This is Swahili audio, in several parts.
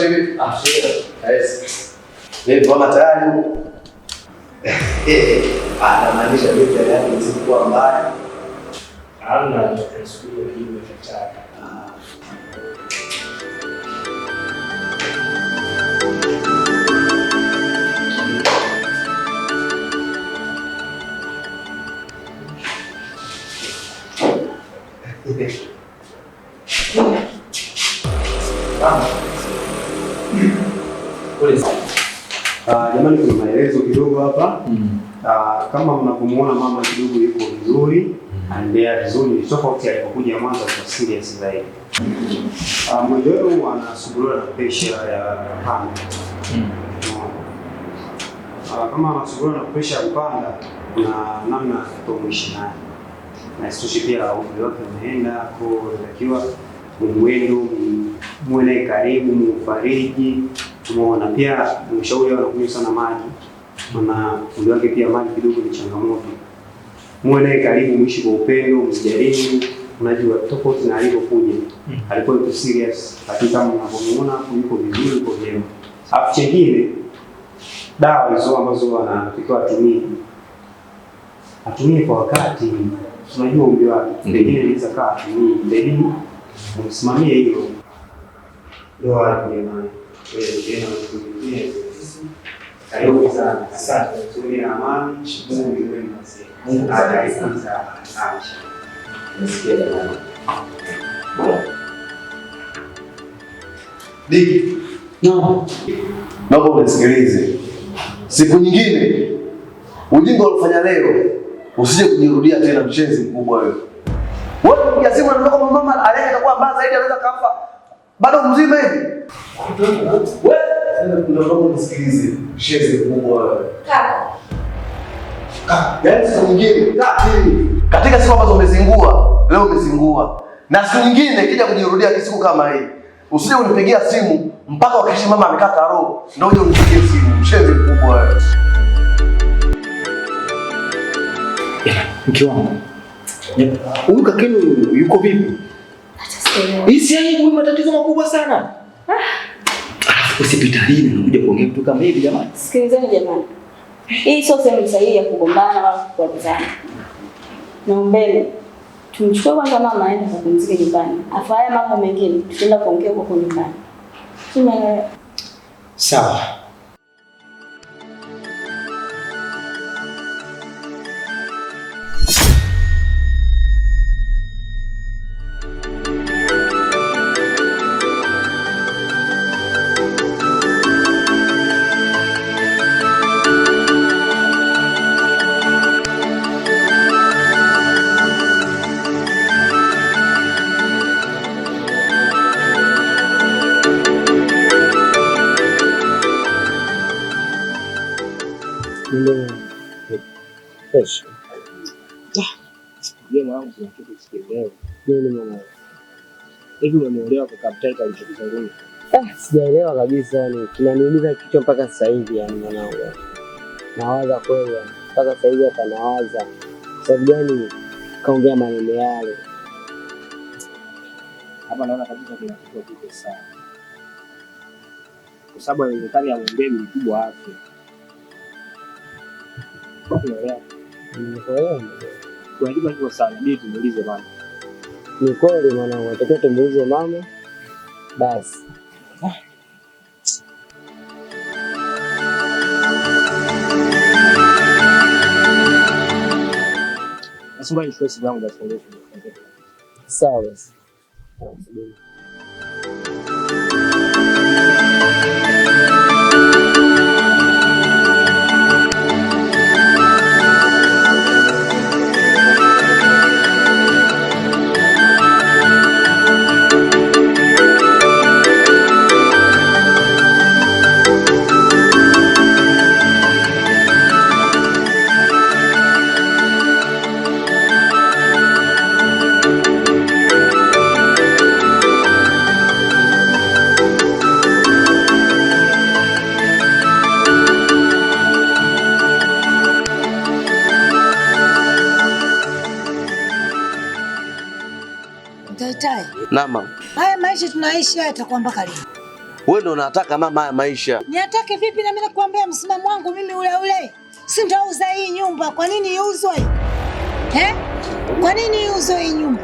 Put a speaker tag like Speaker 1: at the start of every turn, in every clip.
Speaker 1: Kasha hivi. Ah, shika. Yes. Wewe mbona tayari? Eh, eh, anamaanisha mimi tayari yangu isikuwa mbaya. Hamna tatizo hilo kitaka. Thank you. Ah, jamani, kuna maelezo kidogo hapa mm. Uh, kama mnavyomuona mama kidogo yuko vizuri, mm. anaendea vizuri, ni tofauti alipokuja mwanzo kwa serious zaidi. Mgonjwa wenu anasumbuliwa na pressure ya ah, damu mm. kama anasumbuliwa na pressure ya kupanda, kuna namna ya naye, na isitoshe pia umri wake umeenda, kwa hiyo inatakiwa mwendo mwene karibu, mfariji Umeona pia mshauri wao kunywa sana maji, maana mwili wake pia maji kidogo ni changamoto. Muwe naye karibu, mwishi kwa upendo, msijaribu. Unajua tofauti na alivyokuja, hmm. alikuwa yuko serious, lakini kama unavyomuona yuko vizuri, yuko vyema. Alafu chengine, dawa hizo ambazo wanatakiwa atumie atumie kwa wakati. Unajua umri wake hmm. pengine inaweza kaa atumie, msimamie hilo ndio wanakuja nayo karibu Naomba unisikilize. Siku nyingine ujinga ulofanya leo usije kujirudia tena mchezi mkubwa wewe. Wewe mjasiri unataka mama aliye atakuwa mbaya zaidi anaweza kafa bado mzima hivi. katika siku ambazo umezingua leo, umezingua na siku nyingine kija kujirudia kisiku kama hii, usije unipigia simu mpaka wakisha mama amekata roho ndio uje unipigie simu. Sheze mkubwa. mke wangu huyu, kakenu yuko vipi? Hisia yangu ni matatizo makubwa sana. Ah. Alafu hospitalini unakuja kuongea mtu kama hivi jamani.
Speaker 2: Sikilizeni jamani. Hii sio sehemu sahihi ya kugombana wala kukwazana. Naombeni tumchukue kwanza mama aende kupumzika nyumbani. Afu haya mambo mengine tutaenda kuongea huko nyumbani.
Speaker 1: Sawa. Sijaelewa kabisa, ni kinaniumiza kichwa mpaka sasa hivi. Yani mwanangu, nawaza kweli mpaka sasa hivi hapa nawaza, sababu gani kaongea maneno yale. Hapa naona kabisa kuna kitu kiko sana, kwa sababu anaonekana amwombee mkubwa wake unajua hivyo sana, bidi tumuulize mama. Ni kweli mwanangu, unatakiwa tumuulize mama basi. Sawa. Mama,
Speaker 2: haya maisha tunaishi haya yatakuwa mpaka lini?
Speaker 1: Wewe ndio unataka mama haya maisha.
Speaker 2: Niatake vipi na mimi nakwambia msimamo wangu mimi ule ule. Si nitauza hii nyumba, kwa nini iuzwe? Eh? Kwa nini iuzwe hii nyumba?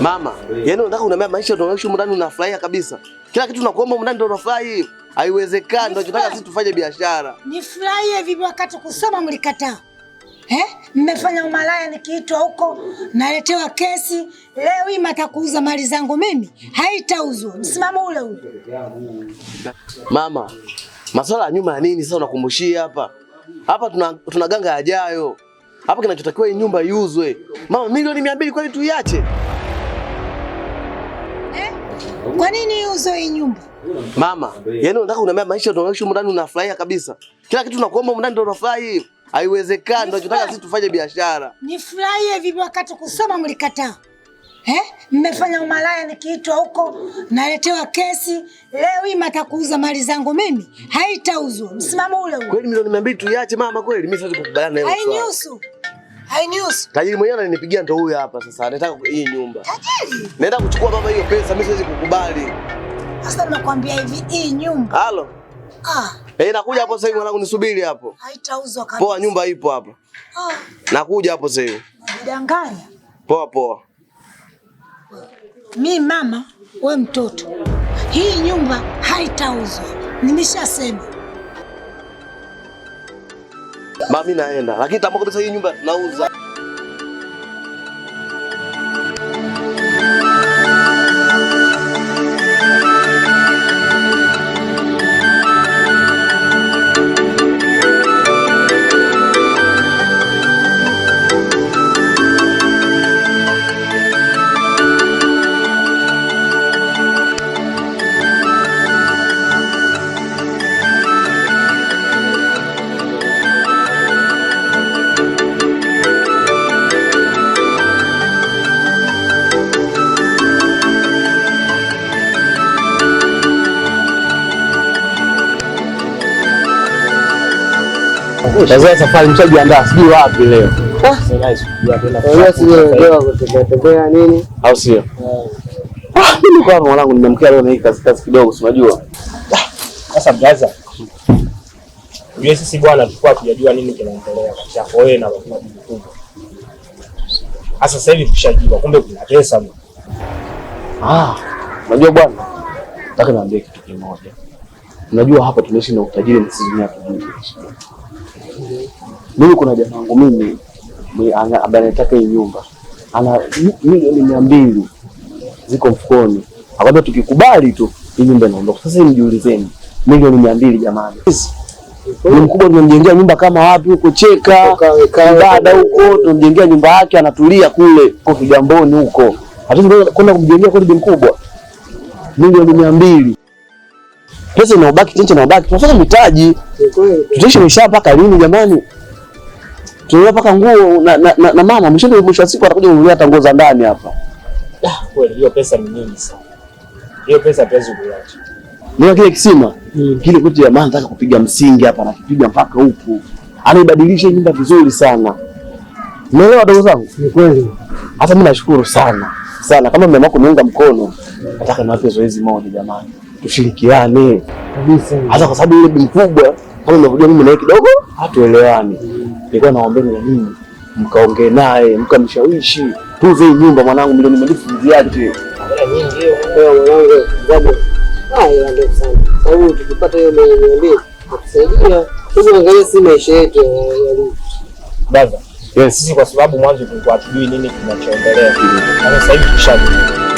Speaker 1: Mama, yani unataka unamea maisha ndio unaishi ndani unafurahia kabisa. Kila kitu tunakuomba ndani ndio unafurahi. Haiwezekani, ndio tunataka sisi tufanye biashara.
Speaker 2: Nifurahie vipi wakati kusoma mlikataa? eh? Mmefanya umalaya, nikiitwa huko naletewa kesi. Leo hii matakuuza mali zangu mimi, haitauzwa. Msimamo ule ule.
Speaker 1: Mama, masuala ya nyuma ya nini sasa unakumbushia hapa? Hapa tuna, tuna ganga yajayo hapa, kinachotakiwa hii nyumba iuzwe. Mama, milioni mia mbili kwani tuiache
Speaker 2: eh? Kwa nini uzo hii nyumba?
Speaker 1: Mama, yaani unataka unaniambia maisha ndio ndani unafurahia kabisa. Kila kitu unakuomba ndani ndio unafurahi. Haiwezekani, ndio tunataka sisi tufanye biashara.
Speaker 2: Nifurahie vipi wakati kusoma mlikataa? Eh? Mmefanya umalaya nikiitwa huko naletewa kesi. Leo hii matakuuza mali zangu mimi. Haitauzwa. Msimamo ule ule.
Speaker 1: Kweli milioni 200 tuiache mama kweli? Mimi siwezi kukubaliana
Speaker 2: na hiyo. Hainihusu. Hainihusu.
Speaker 1: Tajiri mwenyewe ananipigia ndo huyu hapa sasa. Anataka hii nyumba.
Speaker 2: Tajiri.
Speaker 1: Naenda kuchukua baba hiyo pesa, mimi siwezi kukubali.
Speaker 2: Sasa nimekwambia hivi hii nyumba. Halo. Ah.
Speaker 1: Eh, nakuja hapo sasa hivi mwanangu nisubiri hapo.
Speaker 2: Haitauzwa
Speaker 1: kabisa. Poa, nyumba ipo hapa. Ah. Nakuja hapo sasa hivi.
Speaker 2: Unadanganya. Poa poa. Mi mama, we mtoto. Hii nyumba haitauzwa. Nimeshasema.
Speaker 1: Mami naenda. Lakini tambua kabisa hii nyumba nauza. Sasa safari mshajiandaa, sijui wapi leo ah. nini, au sio? Eh. Ah, mimi mwanangu nimemkea leo na hii kazi kazi kidogo, si unajua sasa braza Yeye sisi bwana tulikuwa tujajua nini kinaendelea kati yako wewe na wakina mkubwa. Sasa sasa hivi tushajua kumbe kuna pesa. Ah, unajua bwana, nataka niambie kitu kimoja. Unajua hapa tunaishi na utajiri na sisi tunatujui. Mimi kuna jamaa wangu mimi ambaye anataka hii nyumba ana milioni mia mbili ziko mfukoni, akwambia tukikubali tu hii nyumba inaondoka. Sasa mjiulizeni, milioni mia mbili jamani, ni mkubwa, tunamjengea nyumba kama wapi huko Cheka Ibada huko tunamjengea nyumba yake, anatulia kule kwa Kigamboni huko, hatuwezi kwenda kumjengea kwa kodi mkubwa milioni mia mbili pesa inaobaki, tension inaobaki, tunafanya mitaji, tutaishi maisha mpaka lini jamani? Tununua paka nguo na, na, na, na mama mwisho mwisho siku atakuja kununua hata nguo za ndani hapa. Ah, kweli hiyo pesa ni nyingi sana. Hiyo pesa hatuwezi kuacha. Niona kile kisima mm. Kile kuti ya maana taka kupiga msingi hapa na kupiga mpaka huku. Anaibadilisha nyumba vizuri sana. Umeelewa ndugu zangu? Ni kweli. Hata mimi nashukuru sana sana, kama mama yako niunga mkono, nataka niwape zoezi moja jamani tushirikiane kabisa, hasa kwa sababu ile bi mkubwa kama unavyojua mimi naye kidogo hatuelewani. Nilikuwa naombeni na nyinyi mkaongee naye mkamshawishi, tuze hii nyumba mwanangu, milioni mbili mziache Yes, sisi kwa sababu mwanzo tulikuwa hatujui nini kinachoendelea, sasa hivi tushajua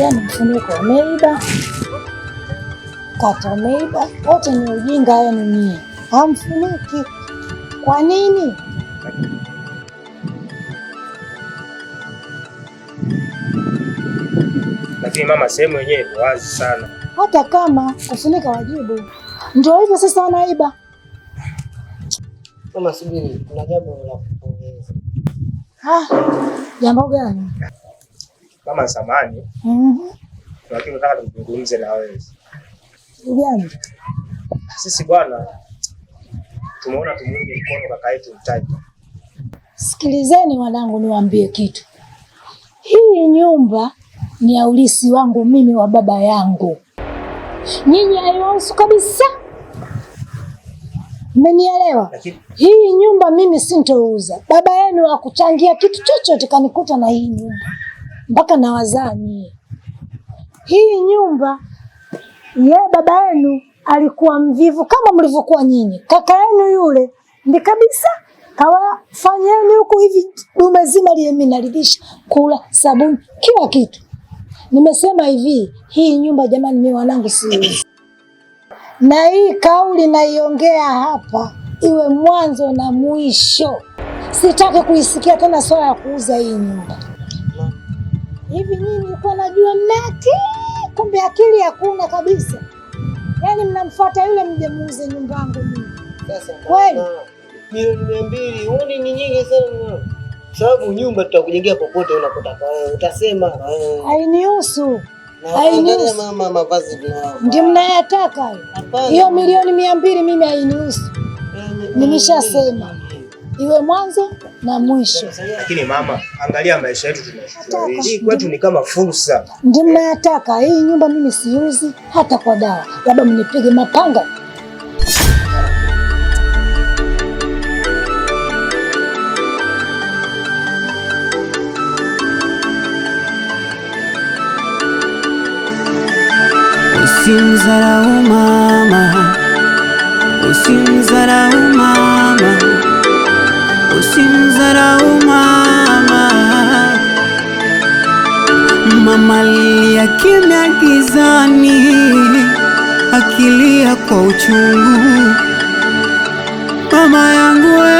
Speaker 2: yaani mfuniko meiba kata meiba wote ni ujinga. Haya ni mie hamfuniki. Kwa nini?
Speaker 1: Lakini mama, sehemu yenyewe ni wazi sana,
Speaker 2: hata kama kufunika wajibu. Ndio hivyo sasa, wanaiba
Speaker 1: mama. Subiri, kuna jambo la kupongeza.
Speaker 2: Ah, jambo gani?
Speaker 1: kama zamani, mhm. lakini nataka tuzungumze na wewe. Sisi bwana, tumeona tumuunge mkono kaka yetu mtaji
Speaker 2: Sikilizeni wanangu, niwaambie kitu. Hii nyumba ni ya ulisi wangu mimi wa baba yangu, nyinyi haiwahusu kabisa. Mmenielewa? Hii nyumba mimi sintouza. Baba yenu hakuchangia kitu chochote kanikuta na hii nyumba mpaka nawazani hii nyumba ye baba yenu alikuwa mvivu kama mlivyokuwa nyinyi. Kaka yenu yule ndi kabisa kawafanyeni huku hivi, dume zima lile mimi kula, sabuni, kila kitu. Nimesema hivi, hii nyumba jamani, mimi wanangu si na hii kauli naiongea hapa iwe mwanzo na mwisho. Sitaki kuisikia tena swala ya kuuza hii nyumba hivi nyinyi mlikuwa najua mnati, kumbe akili hakuna kabisa. Yaani mnamfuata yule mje muuze nyumba yangu mimi. Sasa kweli
Speaker 1: milioni mia mbili huni yaani ni nyingi sana, sababu nyumba tutakujengea popote unapotaka wewe, utasema
Speaker 2: hainihusu
Speaker 1: mama. Mavazi
Speaker 2: ndio mnayataka hiyo milioni mia mbili mimi hainihusu, yaani nimeshasema iwe mwanzo na mwisho.
Speaker 1: Lakini mama, angalia maisha yetu tunayoishi. Hii kwetu ni kama fursa.
Speaker 2: Ndio mnayataka. Hii nyumba mimi siuzi hata kwa dawa, labda mnipige mapanga.
Speaker 3: Usimzarau mama, Usimzarau mama usimdharau mama. Mama lia kimya gizani, akilia kwa uchungu, mama yangu we,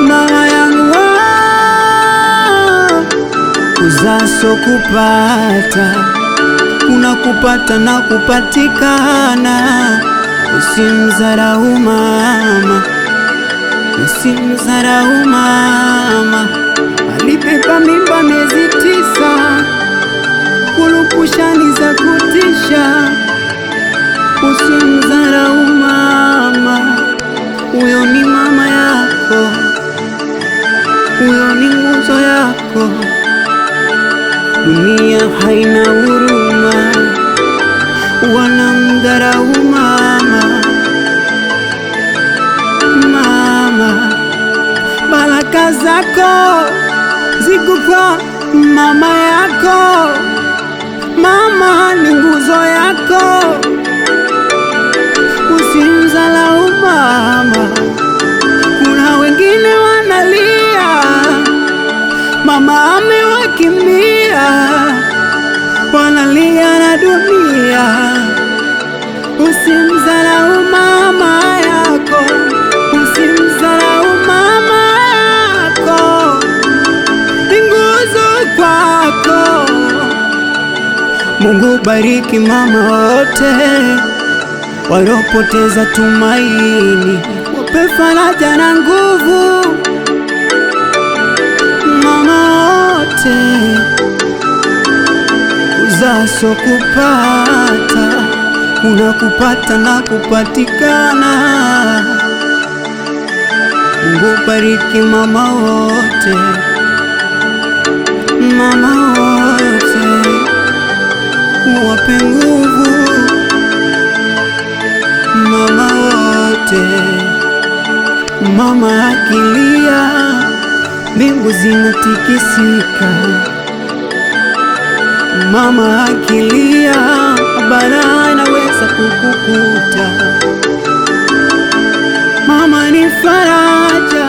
Speaker 3: mama yangu we, kuzaa kupata kuna kupata na kupatikana. Usimdharau mama usimdharau mama, alibeba mimba miezi tisa, kulukushani za kutisha. Usimdharau mama, huyo ni mama yako, huyo ni nguzo yako. Dunia haina huruma, wanamdharau zako zikupa mama yako, mama ni nguzo yako, usimzalau mama. Kuna wengine wanalia, mama amewakimbia, wanalia na dunia. usimzalau mama yako. Mungu bariki mama wote walopoteza tumaini, wape faraja na nguvu. Mama wote uzaso kupata, kuna kupata na kupatikana. Mungu bariki mama wote, mama wote Wape nguvu mama wote, mama akilia mbingu zinatikisika, mama akilia bara inaweza kukukuta, mama ni faraja